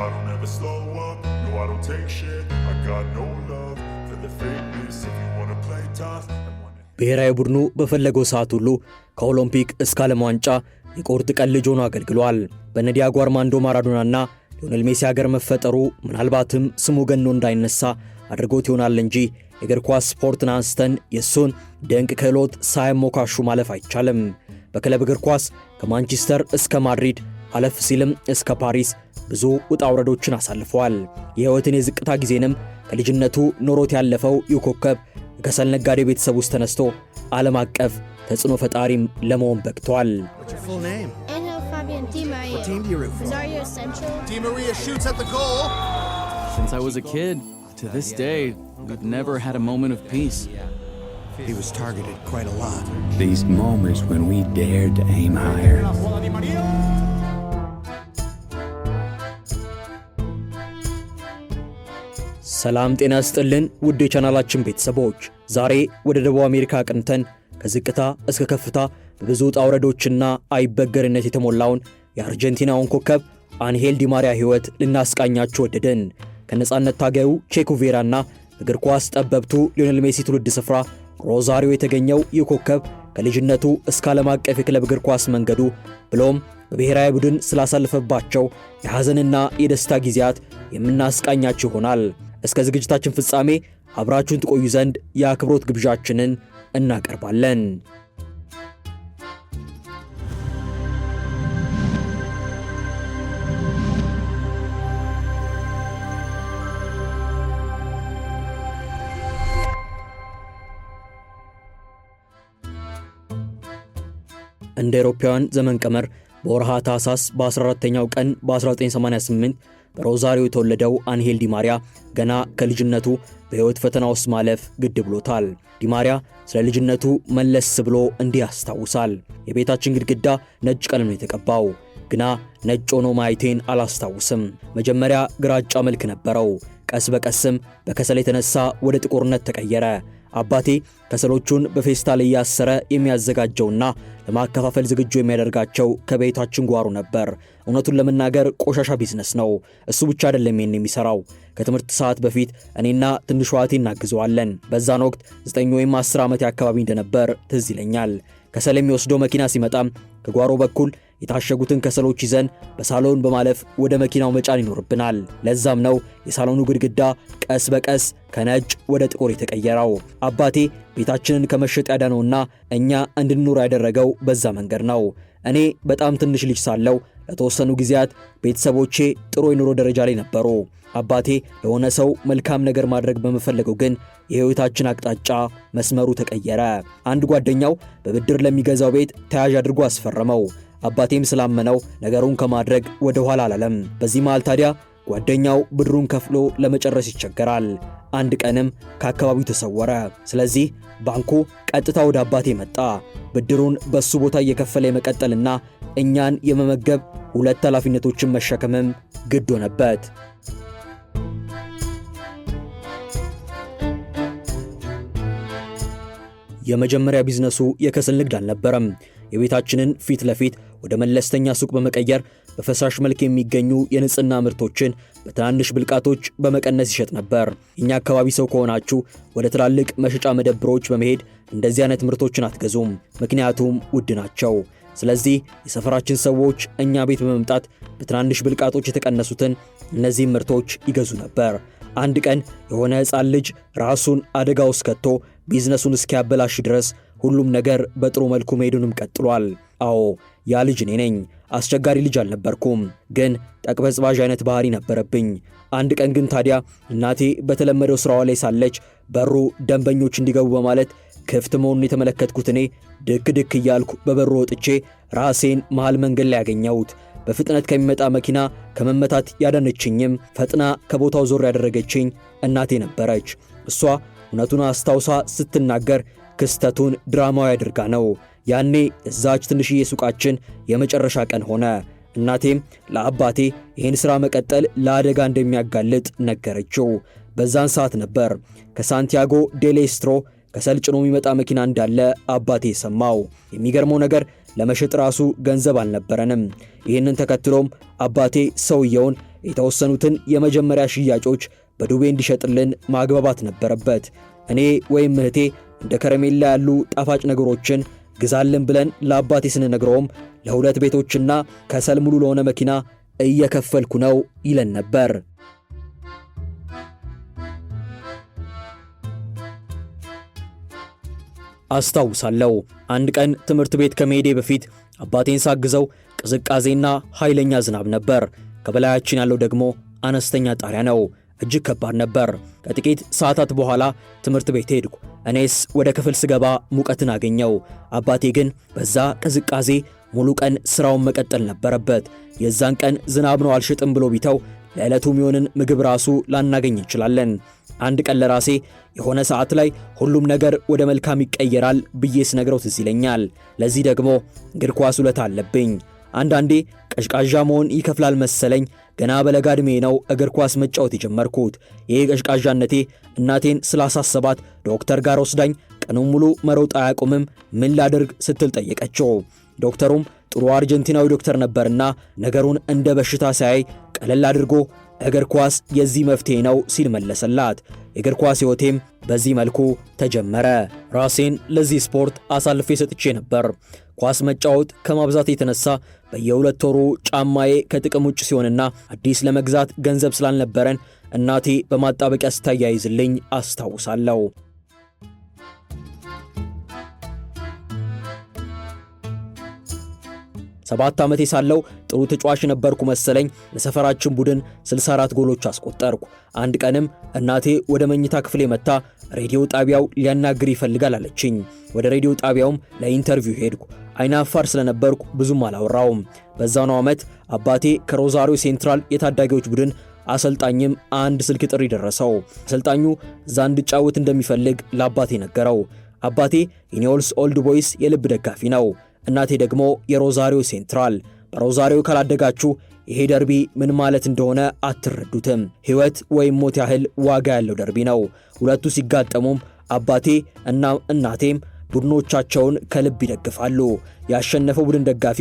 I don't ever slow up, no I don't take shit I got no love for the fakeness If you wanna play tough ብሔራዊ ቡድኑ በፈለገው ሰዓት ሁሉ ከኦሎምፒክ እስከ ዓለም ዋንጫ የቁርጥ ቀን ልጅ ሆኖ አገልግሏል። በነ ዲያጎ አርማንዶ ማራዶናና ሊዮኔል ሜሲ ሀገር መፈጠሩ ምናልባትም ስሙ ገኖ እንዳይነሳ አድርጎት ይሆናል እንጂ የእግር ኳስ ስፖርትን አንስተን የእሱን ድንቅ ክህሎት ሳያሞካሹ ማለፍ አይቻልም። በክለብ እግር ኳስ ከማንቸስተር እስከ ማድሪድ አለፍ ሲልም እስከ ፓሪስ ብዙ ውጣ ውረዶችን አሳልፈዋል። የህይወትን የዝቅታ ጊዜንም ከልጅነቱ ኖሮት ያለፈው ይኮከብ ኮከብ ከሰል ነጋዴ ቤተሰብ ውስጥ ተነስቶ ዓለም አቀፍ ተጽዕኖ ፈጣሪም ለመሆን በቅቷል። These moments when ሰላም ጤና ስጥልን ውድ የቻናላችን ቤተሰቦች፣ ዛሬ ወደ ደቡብ አሜሪካ ቅንተን ከዝቅታ እስከ ከፍታ በብዙ ውጣ ውረዶችና አይበገርነት የተሞላውን የአርጀንቲናውን ኮከብ አንሄል ዲማሪያ ሕይወት ልናስቃኛችሁ ወደድን። ከነፃነት ታጋዩ ቼኩቬራና እግር ኳስ ጠበብቱ ሊዮኔል ሜሲ ትውልድ ስፍራ ሮዛሪዮ የተገኘው ይህ ኮከብ ከልጅነቱ እስከ ዓለም አቀፍ የክለብ እግር ኳስ መንገዱ ብሎም በብሔራዊ ቡድን ስላሳለፈባቸው የሐዘንና የደስታ ጊዜያት የምናስቃኛችሁ ይሆናል። እስከ ዝግጅታችን ፍጻሜ አብራችሁን ትቆዩ ዘንድ የአክብሮት ግብዣችንን እናቀርባለን። እንደ አውሮፓውያን ዘመን ቀመር በወርሃ ታህሳስ በ14ኛው ቀን በ1988 በሮዛሪዮ የተወለደው አንሄል ዲማሪያ ገና ከልጅነቱ በሕይወት ፈተና ውስጥ ማለፍ ግድ ብሎታል። ዲማሪያ ስለ ልጅነቱ መለስ ብሎ እንዲህ ያስታውሳል። የቤታችን ግድግዳ ነጭ ቀለም ነው የተቀባው፣ ግና ነጭ ሆኖ ማየቴን አላስታውስም። መጀመሪያ ግራጫ መልክ ነበረው፣ ቀስ በቀስም በከሰል የተነሳ ወደ ጥቁርነት ተቀየረ። አባቴ ከሰሎቹን በፌስታል እያሰረ የሚያዘጋጀውና ለማከፋፈል ዝግጁ የሚያደርጋቸው ከቤታችን ጓሮ ነበር። እውነቱን ለመናገር ቆሻሻ ቢዝነስ ነው። እሱ ብቻ አይደለም ይህን የሚሰራው። ከትምህርት ሰዓት በፊት እኔና ትንሿ እህቴ እናግዘዋለን። በዛን ወቅት ዘጠኝ ወይም አስር ዓመት አካባቢ እንደነበር ትዝ ይለኛል። ከሰል የሚወስደው መኪና ሲመጣም ከጓሮ በኩል የታሸጉትን ከሰሎች ይዘን በሳሎን በማለፍ ወደ መኪናው መጫን ይኖርብናል። ለዛም ነው የሳሎኑ ግድግዳ ቀስ በቀስ ከነጭ ወደ ጥቁር የተቀየረው። አባቴ ቤታችንን ከመሸጥ ያዳነውና እኛ እንድንኖር ያደረገው በዛ መንገድ ነው። እኔ በጣም ትንሽ ልጅ ሳለው ለተወሰኑ ጊዜያት ቤተሰቦቼ ጥሩ የኑሮ ደረጃ ላይ ነበሩ። አባቴ ለሆነ ሰው መልካም ነገር ማድረግ በመፈለገው ግን የህይወታችን አቅጣጫ መስመሩ ተቀየረ። አንድ ጓደኛው በብድር ለሚገዛው ቤት ተያዥ አድርጎ አስፈረመው። አባቴም ስላመነው ነገሩን ከማድረግ ወደ ኋላ አላለም። በዚህ መሃል ታዲያ ጓደኛው ብድሩን ከፍሎ ለመጨረስ ይቸገራል። አንድ ቀንም ከአካባቢው ተሰወረ። ስለዚህ ባንኩ ቀጥታ ወደ አባቴ መጣ። ብድሩን በሱ ቦታ እየከፈለ የመቀጠልና እኛን የመመገብ ሁለት ኃላፊነቶችን መሸከምም ግድ ሆነበት። የመጀመሪያ ቢዝነሱ የከሰል ንግድ አልነበረም። የቤታችንን ፊት ለፊት ወደ መለስተኛ ሱቅ በመቀየር በፈሳሽ መልክ የሚገኙ የንጽህና ምርቶችን በትናንሽ ብልቃቶች በመቀነስ ይሸጥ ነበር። የእኛ አካባቢ ሰው ከሆናችሁ ወደ ትላልቅ መሸጫ መደብሮች በመሄድ እንደዚህ አይነት ምርቶችን አትገዙም፣ ምክንያቱም ውድ ናቸው። ስለዚህ የሰፈራችን ሰዎች እኛ ቤት በመምጣት በትናንሽ ብልቃጦች የተቀነሱትን እነዚህም ምርቶች ይገዙ ነበር። አንድ ቀን የሆነ ሕፃን ልጅ ራሱን አደጋ ውስጥ ከቶ ቢዝነሱን እስኪያበላሽ ድረስ ሁሉም ነገር በጥሩ መልኩ መሄዱንም ቀጥሏል። አዎ ያ ልጅ እኔ ነኝ። አስቸጋሪ ልጅ አልነበርኩም፣ ግን ጠቅበዝባዥ አይነት ባህሪ ነበረብኝ። አንድ ቀን ግን ታዲያ እናቴ በተለመደው ስራዋ ላይ ሳለች በሩ ደንበኞች እንዲገቡ በማለት ክፍት መሆኑን የተመለከትኩት እኔ ድክ ድክ እያልኩ በበሩ ወጥቼ ራሴን መሃል መንገድ ላይ ያገኘሁት በፍጥነት ከሚመጣ መኪና ከመመታት ያዳነችኝም ፈጥና ከቦታው ዞር ያደረገችኝ እናቴ ነበረች። እሷ እውነቱን አስታውሳ ስትናገር ክስተቱን ድራማዊ አድርጋ ነው ያኔ እዛች ትንሽዬ ሱቃችን የመጨረሻ ቀን ሆነ። እናቴም ለአባቴ ይህን ሥራ መቀጠል ለአደጋ እንደሚያጋልጥ ነገረችው። በዛን ሰዓት ነበር ከሳንቲያጎ ዴሌስትሮ ከሰልጭኖ የሚመጣ መኪና እንዳለ አባቴ ሰማው። የሚገርመው ነገር ለመሸጥ ራሱ ገንዘብ አልነበረንም። ይህንን ተከትሎም አባቴ ሰውየውን የተወሰኑትን የመጀመሪያ ሽያጮች በዱቤ እንዲሸጥልን ማግባባት ነበረበት። እኔ ወይም እህቴ እንደ ከረሜላ ያሉ ጣፋጭ ነገሮችን ግዛልን ብለን ለአባቴ ስንነግረውም ለሁለት ቤቶችና ከሰል ሙሉ ለሆነ መኪና እየከፈልኩ ነው ይለን ነበር። አስታውሳለሁ አንድ ቀን ትምህርት ቤት ከመሄዴ በፊት አባቴን ሳግዘው ቅዝቃዜና ኃይለኛ ዝናብ ነበር። ከበላያችን ያለው ደግሞ አነስተኛ ጣሪያ ነው። እጅግ ከባድ ነበር። ከጥቂት ሰዓታት በኋላ ትምህርት ቤት ሄድኩ። እኔስ ወደ ክፍል ስገባ ሙቀትን አገኘው። አባቴ ግን በዛ ቅዝቃዜ ሙሉ ቀን ስራውን መቀጠል ነበረበት። የዛን ቀን ዝናብ ነው አልሽጥም ብሎ ቢተው ለዕለቱ የሚሆንን ምግብ ራሱ ላናገኝ እንችላለን። አንድ ቀን ለራሴ የሆነ ሰዓት ላይ ሁሉም ነገር ወደ መልካም ይቀየራል ብዬ ስነግረው ትዝ ይለኛል። ለዚህ ደግሞ እግር ኳስ ውለታ አለብኝ። አንዳንዴ ቀዥቃዣ መሆን ይከፍላል መሰለኝ ገና በለጋ ዕድሜ ነው እግር ኳስ መጫወት የጀመርኩት። ይህ ቀዥቃዣነቴ እናቴን ስላሳሰባት ዶክተር ጋር ወስዳኝ ቀኑን ሙሉ መሮጥ አያቁምም ምን ላድርግ ስትል ጠየቀችው። ዶክተሩም ጥሩ አርጀንቲናዊ ዶክተር ነበርና ነገሩን እንደ በሽታ ሳያይ ቀለል አድርጎ እግር ኳስ የዚህ መፍትሄ ነው ሲል መለሰላት። የእግር ኳስ ሕይወቴም በዚህ መልኩ ተጀመረ። ራሴን ለዚህ ስፖርት አሳልፌ ሰጥቼ ነበር። ኳስ መጫወት ከማብዛት የተነሳ በየሁለት ወሩ ጫማዬ ከጥቅም ውጭ ሲሆንና አዲስ ለመግዛት ገንዘብ ስላልነበረን እናቴ በማጣበቂያ ስታያይዝልኝ አስታውሳለሁ። ሰባት ዓመቴ ሳለው ጥሩ ተጫዋች ነበርኩ መሰለኝ። ለሰፈራችን ቡድን 64 ጎሎች አስቆጠርኩ። አንድ ቀንም እናቴ ወደ መኝታ ክፍሌ መጥታ ሬዲዮ ጣቢያው ሊያናግር ይፈልጋል አለችኝ። ወደ ሬዲዮ ጣቢያውም ለኢንተርቪው ሄድኩ። አይናፋር ስለነበርኩ ብዙም አላወራውም። በዛኑ ዓመት አባቴ ከሮዛሪዮ ሴንትራል የታዳጊዎች ቡድን አሰልጣኝም አንድ ስልክ ጥሪ ደረሰው። አሰልጣኙ እዛ እንድጫወት እንደሚፈልግ ለአባቴ ነገረው። አባቴ የኒውልስ ኦልድ ቦይስ የልብ ደጋፊ ነው። እናቴ ደግሞ የሮዛሪዮ ሴንትራል። በሮዛሪዮ ካላደጋችሁ ይሄ ደርቢ ምን ማለት እንደሆነ አትረዱትም። ሕይወት ወይም ሞት ያህል ዋጋ ያለው ደርቢ ነው። ሁለቱ ሲጋጠሙም አባቴ እና እናቴም ቡድኖቻቸውን ከልብ ይደግፋሉ። ያሸነፈው ቡድን ደጋፊ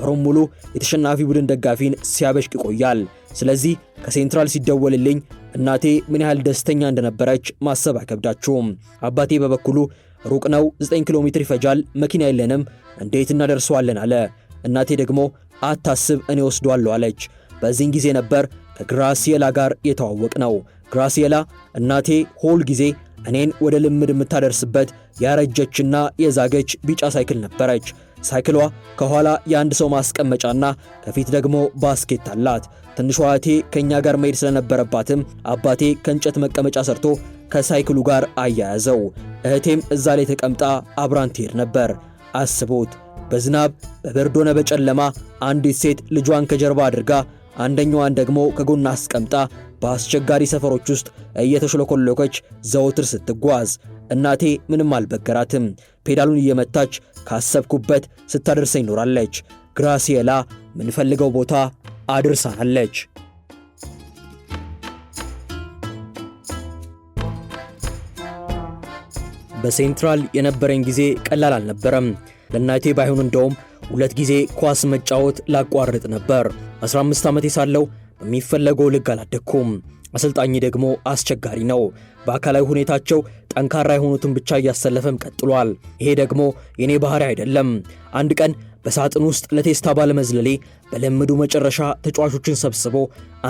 ወሩን ሙሉ የተሸናፊ ቡድን ደጋፊን ሲያበሽቅ ይቆያል። ስለዚህ ከሴንትራል ሲደወልልኝ እናቴ ምን ያህል ደስተኛ እንደነበረች ማሰብ አይከብዳችሁም። አባቴ በበኩሉ ሩቅ ነው፣ 9 ኪሎ ሜትር ይፈጃል፣ መኪና የለንም፣ እንዴት እናደርሰዋለን አለ። እናቴ ደግሞ አታስብ፣ እኔ ወስዷለሁ አለች። በዚህን ጊዜ ነበር ከግራሲየላ ጋር የተዋወቅ ነው። ግራሲየላ እናቴ ሁል ጊዜ እኔን ወደ ልምድ የምታደርስበት ያረጀችና የዛገች ቢጫ ሳይክል ነበረች። ሳይክሏ ከኋላ የአንድ ሰው ማስቀመጫና ከፊት ደግሞ ባስኬት አላት። ትንሿ እህቴ ከእኛ ጋር መሄድ ስለነበረባትም አባቴ ከእንጨት መቀመጫ ሰርቶ ከሳይክሉ ጋር አያያዘው። እህቴም እዛ ላይ ተቀምጣ አብራን ትሄድ ነበር። አስቡት፣ በዝናብ በበርዶነ በጨለማ አንዲት ሴት ልጇን ከጀርባ አድርጋ አንደኛዋን ደግሞ ከጎን አስቀምጣ በአስቸጋሪ ሰፈሮች ውስጥ እየተሽለኮለኮች ዘወትር ስትጓዝ እናቴ ምንም አልበገራትም። ፔዳሉን እየመታች ካሰብኩበት ስታደርሰኝ ኖራለች። ግራሲየላ ምንፈልገው ቦታ አድርሳናለች። በሴንትራል የነበረኝ ጊዜ ቀላል አልነበረም። ለእናቴ ባይሆን እንደውም ሁለት ጊዜ ኳስ መጫወት ላቋርጥ ነበር። 15 ዓመቴ ሳለው በሚፈለገው ልግ አላደግኩም። አሰልጣኝ ደግሞ አስቸጋሪ ነው። በአካላዊ ሁኔታቸው ጠንካራ የሆኑትን ብቻ እያሰለፈም ቀጥሏል። ይሄ ደግሞ የኔ ባህሪ አይደለም። አንድ ቀን በሳጥን ውስጥ ለቴስታ ባለመዝለሌ በልምዱ መጨረሻ ተጫዋቾችን ሰብስቦ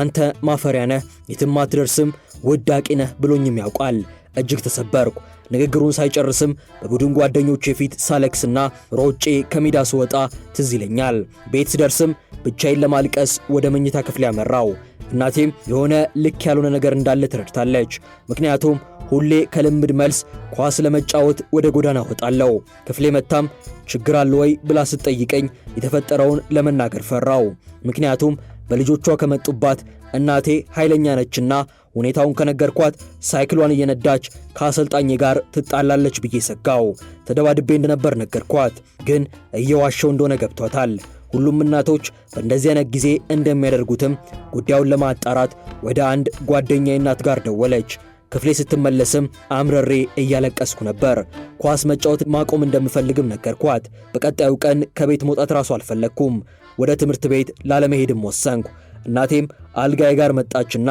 አንተ ማፈሪያ ነህ፣ የትም አትደርስም፣ ውዳቂ ነህ ብሎኝም ያውቃል። እጅግ ተሰበርኩ። ንግግሩን ሳይጨርስም በቡድን ጓደኞቼ ፊት ሳለክስና ሮጬ ከሜዳ ስወጣ ትዝ ይለኛል። ቤት ስደርስም ብቻዬን ለማልቀስ ወደ መኝታ ክፍል ያመራው። እናቴም የሆነ ልክ ያልሆነ ነገር እንዳለ ትረድታለች። ምክንያቱም ሁሌ ከልምድ መልስ ኳስ ለመጫወት ወደ ጎዳና ወጣለው። ክፍሌ መታም ችግር አለ ወይ ብላ ስትጠይቀኝ የተፈጠረውን ለመናገር ፈራው። ምክንያቱም በልጆቿ ከመጡባት እናቴ ኃይለኛ ነችና ሁኔታውን ከነገርኳት ሳይክሏን እየነዳች ከአሰልጣኝ ጋር ትጣላለች ብዬ ሰጋው። ተደባድቤ እንደነበር ነገርኳት፣ ግን እየዋሸው እንደሆነ ገብቷታል። ሁሉም እናቶች በእንደዚህ አይነት ጊዜ እንደሚያደርጉትም ጉዳዩን ለማጣራት ወደ አንድ ጓደኛዬ እናት ጋር ደወለች። ክፍሌ ስትመለስም አምረሬ እያለቀስኩ ነበር። ኳስ መጫወት ማቆም እንደምፈልግም ነገርኳት። በቀጣዩ ቀን ከቤት መውጣት ራሱ አልፈለግኩም። ወደ ትምህርት ቤት ላለመሄድም ወሰንኩ። እናቴም አልጋዬ ጋር መጣችና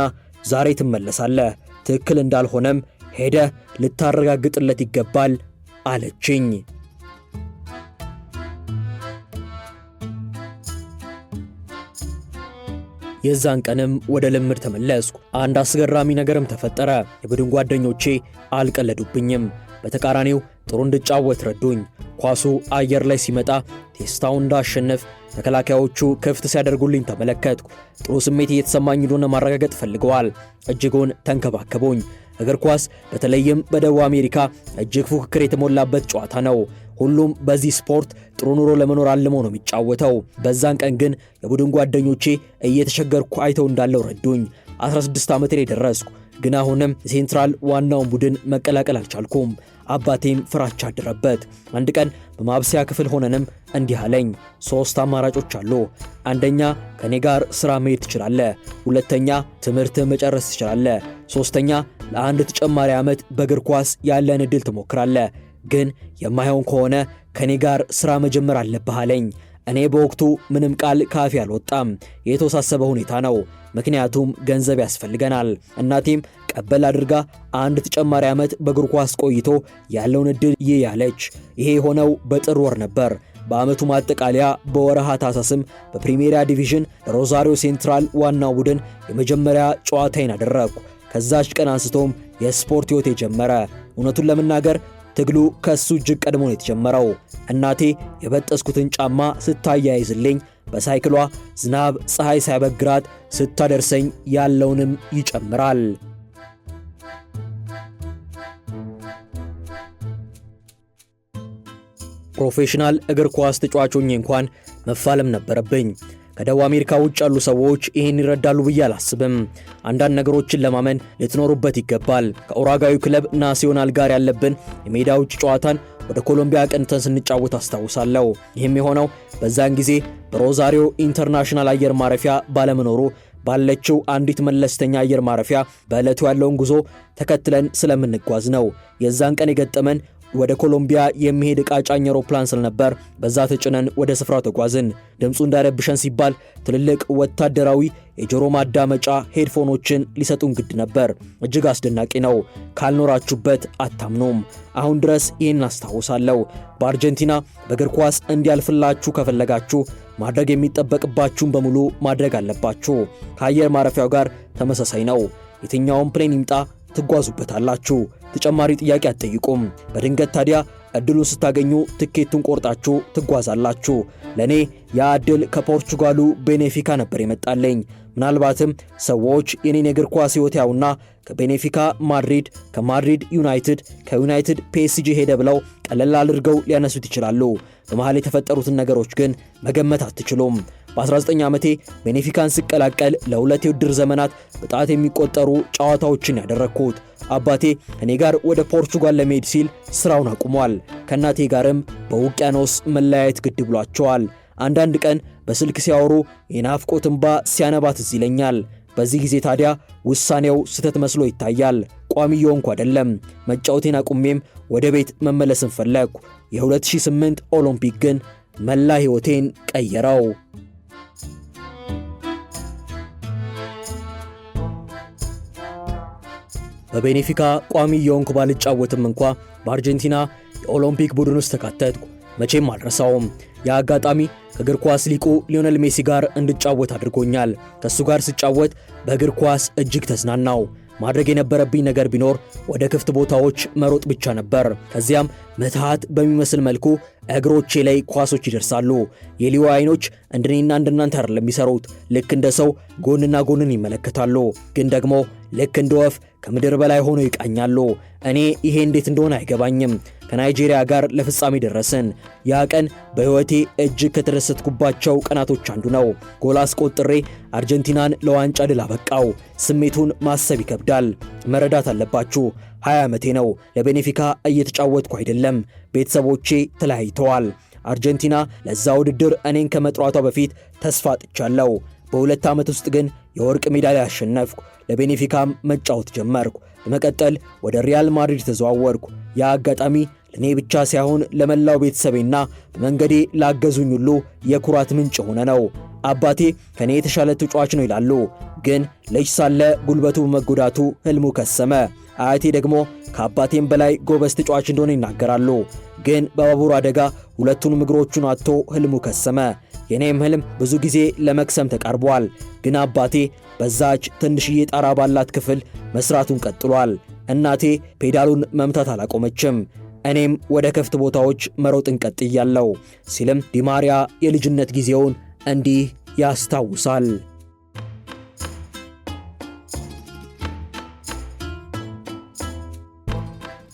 ዛሬ ትመለሳለህ፣ ትክክል እንዳልሆነም ሄደህ ልታረጋግጥለት ይገባል አለችኝ። የዛን ቀንም ወደ ልምድ ተመለስኩ። አንድ አስገራሚ ነገርም ተፈጠረ። የቡድን ጓደኞቼ አልቀለዱብኝም። በተቃራኒው ጥሩ እንድጫወት ረዱኝ። ኳሱ አየር ላይ ሲመጣ ቴስታውን እንዳሸንፍ ተከላካዮቹ ክፍት ሲያደርጉልኝ ተመለከትኩ። ጥሩ ስሜት እየተሰማኝ እንደሆነ ማረጋገጥ ፈልገዋል። እጅጉን ተንከባከቡኝ። እግር ኳስ በተለይም በደቡብ አሜሪካ እጅግ ፉክክር የተሞላበት ጨዋታ ነው። ሁሉም በዚህ ስፖርት ጥሩ ኑሮ ለመኖር አልሞ ነው የሚጫወተው። በዛን ቀን ግን የቡድን ጓደኞቼ እየተቸገርኩ አይተው እንዳለው ረዱኝ። 16 ዓመቴ ላይ ደረስኩ፣ ግን አሁንም የሴንትራል ዋናውን ቡድን መቀላቀል አልቻልኩም። አባቴም ፍራቻ አደረበት። አንድ ቀን በማብሰያ ክፍል ሆነንም እንዲህ አለኝ፣ ሶስት አማራጮች አሉ። አንደኛ ከኔ ጋር ስራ መሄድ ትችላለ ሁለተኛ ትምህርት መጨረስ ትችላለ ሶስተኛ ለአንድ ተጨማሪ ዓመት በእግር ኳስ ያለን ዕድል ትሞክራለህ። ግን የማይሆን ከሆነ ከኔ ጋር ስራ መጀመር አለብህ አለኝ። እኔ በወቅቱ ምንም ቃል ካፌ አልወጣም። የተወሳሰበ ሁኔታ ነው፣ ምክንያቱም ገንዘብ ያስፈልገናል። እናቴም ቀበል አድርጋ አንድ ተጨማሪ ዓመት በእግር ኳስ ቆይቶ ያለውን እድል ይህ ያለች። ይሄ የሆነው በጥር ወር ነበር። በዓመቱ ማጠቃለያ በወረሃ ታሳስም በፕሪሜሪያ ዲቪዥን ለሮዛሪዮ ሴንትራል ዋና ቡድን የመጀመሪያ ጨዋታዬን አደረግኩ። ከዛች ቀን አንስቶም የስፖርት ሕይወት የጀመረ እውነቱን ለመናገር ትግሉ ከእሱ እጅግ ቀድሞ ነው የተጀመረው። እናቴ የበጠስኩትን ጫማ ስታያይዝልኝ በሳይክሏ ዝናብ ፀሐይ ሳይበግራት ስታደርሰኝ ያለውንም ይጨምራል። ፕሮፌሽናል እግር ኳስ ተጫዋቾኝ እንኳን መፋለም ነበረብኝ። ከደቡብ አሜሪካ ውጭ ያሉ ሰዎች ይህን ይረዳሉ ብዬ አላስብም። አንዳንድ ነገሮችን ለማመን ልትኖሩበት ይገባል። ከኡራጓዩ ክለብ ናሲዮናል ጋር ያለብን የሜዳ ውጭ ጨዋታን ወደ ኮሎምቢያ ቀንተን ስንጫወት አስታውሳለሁ። ይህም የሆነው በዛን ጊዜ በሮዛሪዮ ኢንተርናሽናል አየር ማረፊያ ባለመኖሩ ባለችው አንዲት መለስተኛ አየር ማረፊያ በዕለቱ ያለውን ጉዞ ተከትለን ስለምንጓዝ ነው። የዛን ቀን የገጠመን ወደ ኮሎምቢያ የሚሄድ ዕቃ ጫኝ አውሮፕላን ስለነበር በዛ ተጭነን ወደ ስፍራው ተጓዝን። ድምፁ እንዳይረብሸን ሲባል ትልልቅ ወታደራዊ የጆሮ ማዳመጫ ሄድፎኖችን ሊሰጡን ግድ ነበር። እጅግ አስደናቂ ነው። ካልኖራችሁበት አታምኑም። አሁን ድረስ ይህን አስታውሳለሁ። በአርጀንቲና በእግር ኳስ እንዲያልፍላችሁ ከፈለጋችሁ ማድረግ የሚጠበቅባችሁን በሙሉ ማድረግ አለባችሁ። ከአየር ማረፊያው ጋር ተመሳሳይ ነው። የትኛውም ፕሌን ይምጣ ትጓዙበታላችሁ። ተጨማሪ ጥያቄ አትጠይቁም። በድንገት ታዲያ እድሉን ስታገኙ ትኬቱን ቆርጣችሁ ትጓዛላችሁ። ለእኔ ያ እድል ከፖርቹጋሉ ቤኔፊካ ነበር የመጣለኝ። ምናልባትም ሰዎች የኔን የእግር ኳስ ህይወት ያውና ከቤኔፊካ ማድሪድ፣ ከማድሪድ ዩናይትድ፣ ከዩናይትድ ፒኤስጂ ሄደ ብለው ቀለል አድርገው ሊያነሱት ይችላሉ። በመሃል የተፈጠሩትን ነገሮች ግን መገመት አትችሉም። በ19 ዓመቴ ቤኔፊካን ስቀላቀል ለሁለት የውድድር ዘመናት በጣት የሚቆጠሩ ጨዋታዎችን ያደረግኩት። አባቴ ከኔ ጋር ወደ ፖርቱጋል ለመሄድ ሲል ስራውን አቁሟል። ከእናቴ ጋርም በውቅያኖስ መለያየት ግድ ብሏቸዋል። አንዳንድ ቀን በስልክ ሲያወሩ የናፍቆት እንባ ሲያነባት እዚህ ይለኛል። በዚህ ጊዜ ታዲያ ውሳኔው ስህተት መስሎ ይታያል። ቋሚ የሆንኩ አይደለም። መጫወቴን አቁሜም ወደ ቤት መመለስን ፈለግኩ። የ2008 ኦሎምፒክ ግን መላ ሕይወቴን ቀየረው። በቤኔፊካ ቋሚ የሆንኩ ባልጫወትም እንኳ በአርጀንቲና የኦሎምፒክ ቡድን ውስጥ ተካተትኩ። መቼም አልረሳውም። የአጋጣሚ ከእግር ኳስ ሊቁ ሊዮነል ሜሲ ጋር እንድጫወት አድርጎኛል። ከእሱ ጋር ስጫወት በእግር ኳስ እጅግ ተዝናናው። ማድረግ የነበረብኝ ነገር ቢኖር ወደ ክፍት ቦታዎች መሮጥ ብቻ ነበር። ከዚያም ምትሃት በሚመስል መልኩ እግሮቼ ላይ ኳሶች ይደርሳሉ። የሊዮ አይኖች እንደኔና እንደናንተ አይደለም የሚሰሩት። ልክ እንደ ሰው ጎንና ጎንን ይመለከታሉ፣ ግን ደግሞ ልክ እንደ ወፍ ከምድር በላይ ሆኖ ይቃኛሉ። እኔ ይሄ እንዴት እንደሆነ አይገባኝም። ከናይጄሪያ ጋር ለፍጻሜ ደረስን። ያ ቀን በሕይወቴ እጅግ ከተደሰትኩባቸው ቀናቶች አንዱ ነው። ጎል አስቆጥሬ አርጀንቲናን ለዋንጫ ድል አበቃው። ስሜቱን ማሰብ ይከብዳል። መረዳት አለባችሁ። 20 ዓመቴ ነው። ለቤኔፊካ እየተጫወትኩ አይደለም። ቤተሰቦቼ ተለያይተዋል። አርጀንቲና ለዛ ውድድር እኔን ከመጥሯቷ በፊት ተስፋ ጥቻለሁ። በሁለት ዓመት ውስጥ ግን የወርቅ ሜዳሊያ አሸነፍኩ። ለቤኔፊካም መጫወት ጀመርኩ። በመቀጠል ወደ ሪያል ማድሪድ ተዘዋወርኩ። ያ አጋጣሚ ለእኔ ብቻ ሳይሆን ለመላው ቤተሰቤና በመንገዴ ላገዙኝ ሁሉ የኩራት ምንጭ ሆነ ነው። አባቴ ከእኔ የተሻለ ተጫዋች ነው ይላሉ። ግን ልጅ ሳለ ጉልበቱ በመጎዳቱ ህልሙ ከሰመ። አያቴ ደግሞ ከአባቴም በላይ ጎበዝ ተጫዋች እንደሆነ ይናገራሉ። ግን በባቡር አደጋ ሁለቱንም እግሮቹን አጥቶ ህልሙ ከሰመ። የኔም ህልም ብዙ ጊዜ ለመክሰም ተቃርቧል፣ ግን አባቴ በዛች ትንሽዬ ጣራ ባላት ክፍል መስራቱን ቀጥሏል። እናቴ ፔዳሉን መምታት አላቆመችም። እኔም ወደ ክፍት ቦታዎች መሮጥን ቀጥያለሁ ሲልም ዲማሪያ የልጅነት ጊዜውን እንዲህ ያስታውሳል።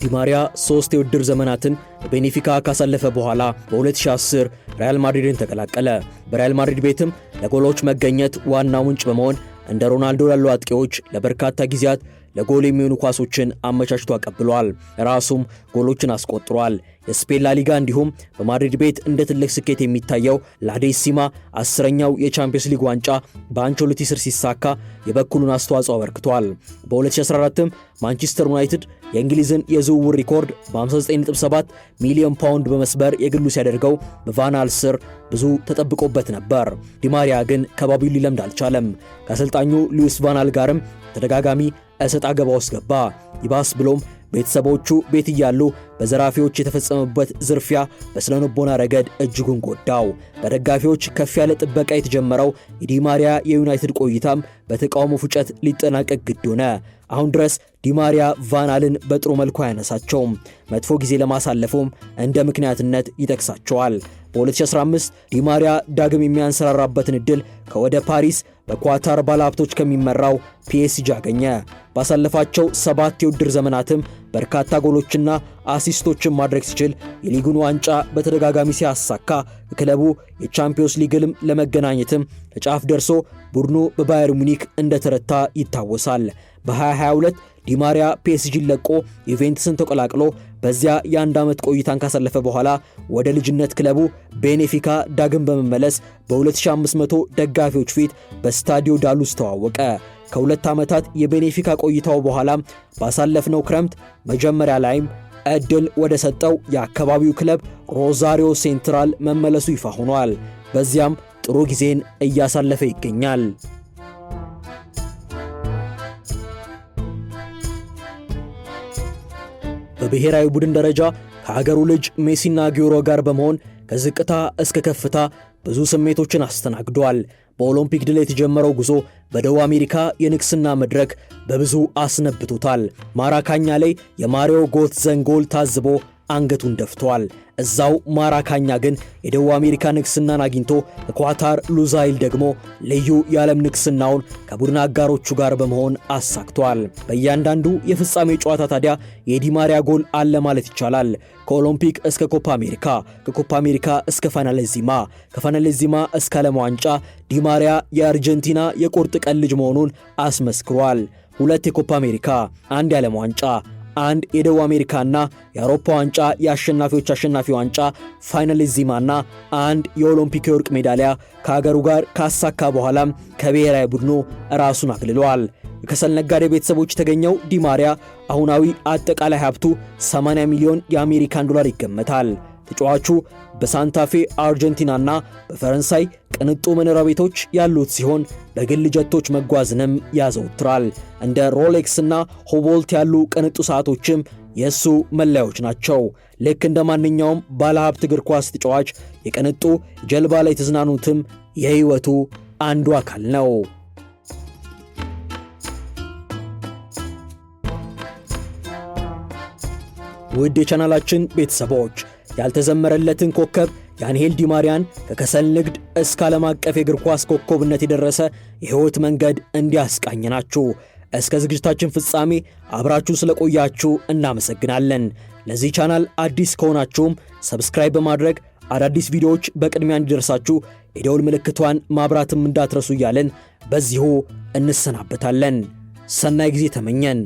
ዲማሪያ ሶስት የውድድር ዘመናትን በቤኔፊካ ካሳለፈ በኋላ በ2010 ሪያል ማድሪድን ተቀላቀለ። በሪያል ማድሪድ ቤትም ለጎሎች መገኘት ዋና ምንጭ በመሆን እንደ ሮናልዶ ያሉ አጥቂዎች ለበርካታ ጊዜያት ለጎል የሚሆኑ ኳሶችን አመቻችቶ አቀብሏል። ራሱም ጎሎችን አስቆጥሯል። የስፔን ላሊጋ እንዲሁም በማድሪድ ቤት እንደ ትልቅ ስኬት የሚታየው ላዴሲማ አስረኛው የቻምፒየንስ ሊግ ዋንጫ በአንቸሎቲ ስር ሲሳካ የበኩሉን አስተዋጽኦ አበርክቷል። በ2014ም ማንቸስተር ዩናይትድ የእንግሊዝን የዝውውር ሪኮርድ በ597 ሚሊዮን ፓውንድ በመስበር የግሉ ሲያደርገው በቫናል ስር ብዙ ተጠብቆበት ነበር። ዲማሪያ ግን ከባቢው ሊለምድ አልቻለም። ከአሰልጣኙ ሉዊስ ቫናል ጋርም ተደጋጋሚ እሰጥ አገባ ውስጥ ገባ። ይባስ ብሎም ቤተሰቦቹ ቤት እያሉ በዘራፊዎች የተፈጸመበት ዝርፊያ በስነልቦና ረገድ እጅጉን ጎዳው። በደጋፊዎች ከፍ ያለ ጥበቃ የተጀመረው የዲማሪያ የዩናይትድ ቆይታም በተቃውሞ ፉጨት ሊጠናቀቅ ግድ ሆነ። አሁን ድረስ ዲማሪያ ቫናልን በጥሩ መልኩ አያነሳቸውም። መጥፎ ጊዜ ለማሳለፉም እንደ ምክንያትነት ይጠቅሳቸዋል። በ2015 ዲማሪያ ዳግም የሚያንሰራራበትን ዕድል ከወደ ፓሪስ በኳታር ባለሀብቶች ከሚመራው ፒኤስጂ አገኘ። ባሳለፋቸው ሰባት የውድድር ዘመናትም በርካታ ጎሎችና አሲስቶችን ማድረግ ሲችል የሊጉን ዋንጫ በተደጋጋሚ ሲያሳካ ክለቡ የቻምፒዮንስ ሊግልም ለመገናኘትም ለጫፍ ደርሶ ቡድኑ በባየር ሙኒክ እንደተረታ ይታወሳል። በ2022 ዲማሪያ ፒኤስጂን ለቆ ዩቬንትስን ተቀላቅሎ በዚያ የአንድ ዓመት ቆይታን ካሳለፈ በኋላ ወደ ልጅነት ክለቡ ቤኔፊካ ዳግም በመመለስ በ2500 ደጋፊዎች ፊት በስታዲዮ ዳሉስ ተዋወቀ። ከሁለት ዓመታት የቤኔፊካ ቆይታው በኋላም ባሳለፍነው ክረምት መጀመሪያ ላይም ዕድል ወደ ሰጠው የአካባቢው ክለብ ሮዛሪዮ ሴንትራል መመለሱ ይፋ ሆኗል። በዚያም ጥሩ ጊዜን እያሳለፈ ይገኛል። በብሔራዊ ቡድን ደረጃ ከአገሩ ልጅ ሜሲና ጊዮሮ ጋር በመሆን ከዝቅታ እስከ ከፍታ ብዙ ስሜቶችን አስተናግዷል። በኦሎምፒክ ድል የተጀመረው ጉዞ በደቡብ አሜሪካ የንግስና መድረክ በብዙ አስነብቶታል። ማራካኛ ላይ የማሪዮ ጎት ዘንጎል ታዝቦ አንገቱን ደፍቷል። እዛው ማራካኛ ግን የደቡብ አሜሪካ ንግስናን አግኝቶ በኳታር ሉዛይል ደግሞ ልዩ የዓለም ንግስናውን ከቡድን አጋሮቹ ጋር በመሆን አሳክቷል። በእያንዳንዱ የፍጻሜ ጨዋታ ታዲያ የዲማሪያ ጎል አለ ማለት ይቻላል። ከኦሎምፒክ እስከ ኮፓ አሜሪካ፣ ከኮፓ አሜሪካ እስከ ፋናሌዚማ፣ ከፋናሌዚማ እስከ ዓለም ዋንጫ ዲማሪያ የአርጀንቲና የቁርጥ ቀን ልጅ መሆኑን አስመስክሯል። ሁለት የኮፓ አሜሪካ፣ አንድ የዓለም ዋንጫ አንድ የደቡብ አሜሪካና የአውሮፓ ዋንጫ የአሸናፊዎች አሸናፊ ዋንጫ ፋይናል ዚማና አንድ የኦሎምፒክ የወርቅ ሜዳሊያ ከሀገሩ ጋር ካሳካ በኋላም ከብሔራዊ ቡድኑ ራሱን አግልሏል። ከሰል ነጋዴ ቤተሰቦች የተገኘው ዲማሪያ አሁናዊ አጠቃላይ ሀብቱ 80 ሚሊዮን የአሜሪካን ዶላር ይገመታል። ተጫዋቹ በሳንታፌ አርጀንቲናና በፈረንሳይ ቅንጡ መኖሪያ ቤቶች ያሉት ሲሆን በግል ጀቶች መጓዝንም ያዘወትራል። እንደ ሮሌክስና ሆቦልት ያሉ ቅንጡ ሰዓቶችም የእሱ መለያዎች ናቸው። ልክ እንደ ማንኛውም ባለሀብት እግር ኳስ ተጫዋች የቅንጡ ጀልባ ላይ የተዝናኑትም የሕይወቱ አንዱ አካል ነው። ውድ የቻናላችን ቤተሰቦች ያልተዘመረለትን ኮከብ የአንሄል ዲማሪያን ከከሰል ንግድ እስከ ዓለም አቀፍ የእግር ኳስ ኮከብነት የደረሰ የሕይወት መንገድ እንዲያስቃኝ ናችሁ። እስከ ዝግጅታችን ፍጻሜ አብራችሁ ስለቆያችሁ እናመሰግናለን። ለዚህ ቻናል አዲስ ከሆናችሁም ሰብስክራይብ በማድረግ አዳዲስ ቪዲዮዎች በቅድሚያ እንዲደርሳችሁ የደውል ምልክቷን ማብራትም እንዳትረሱ እያለን በዚሁ እንሰናበታለን። ሰናይ ጊዜ ተመኘን።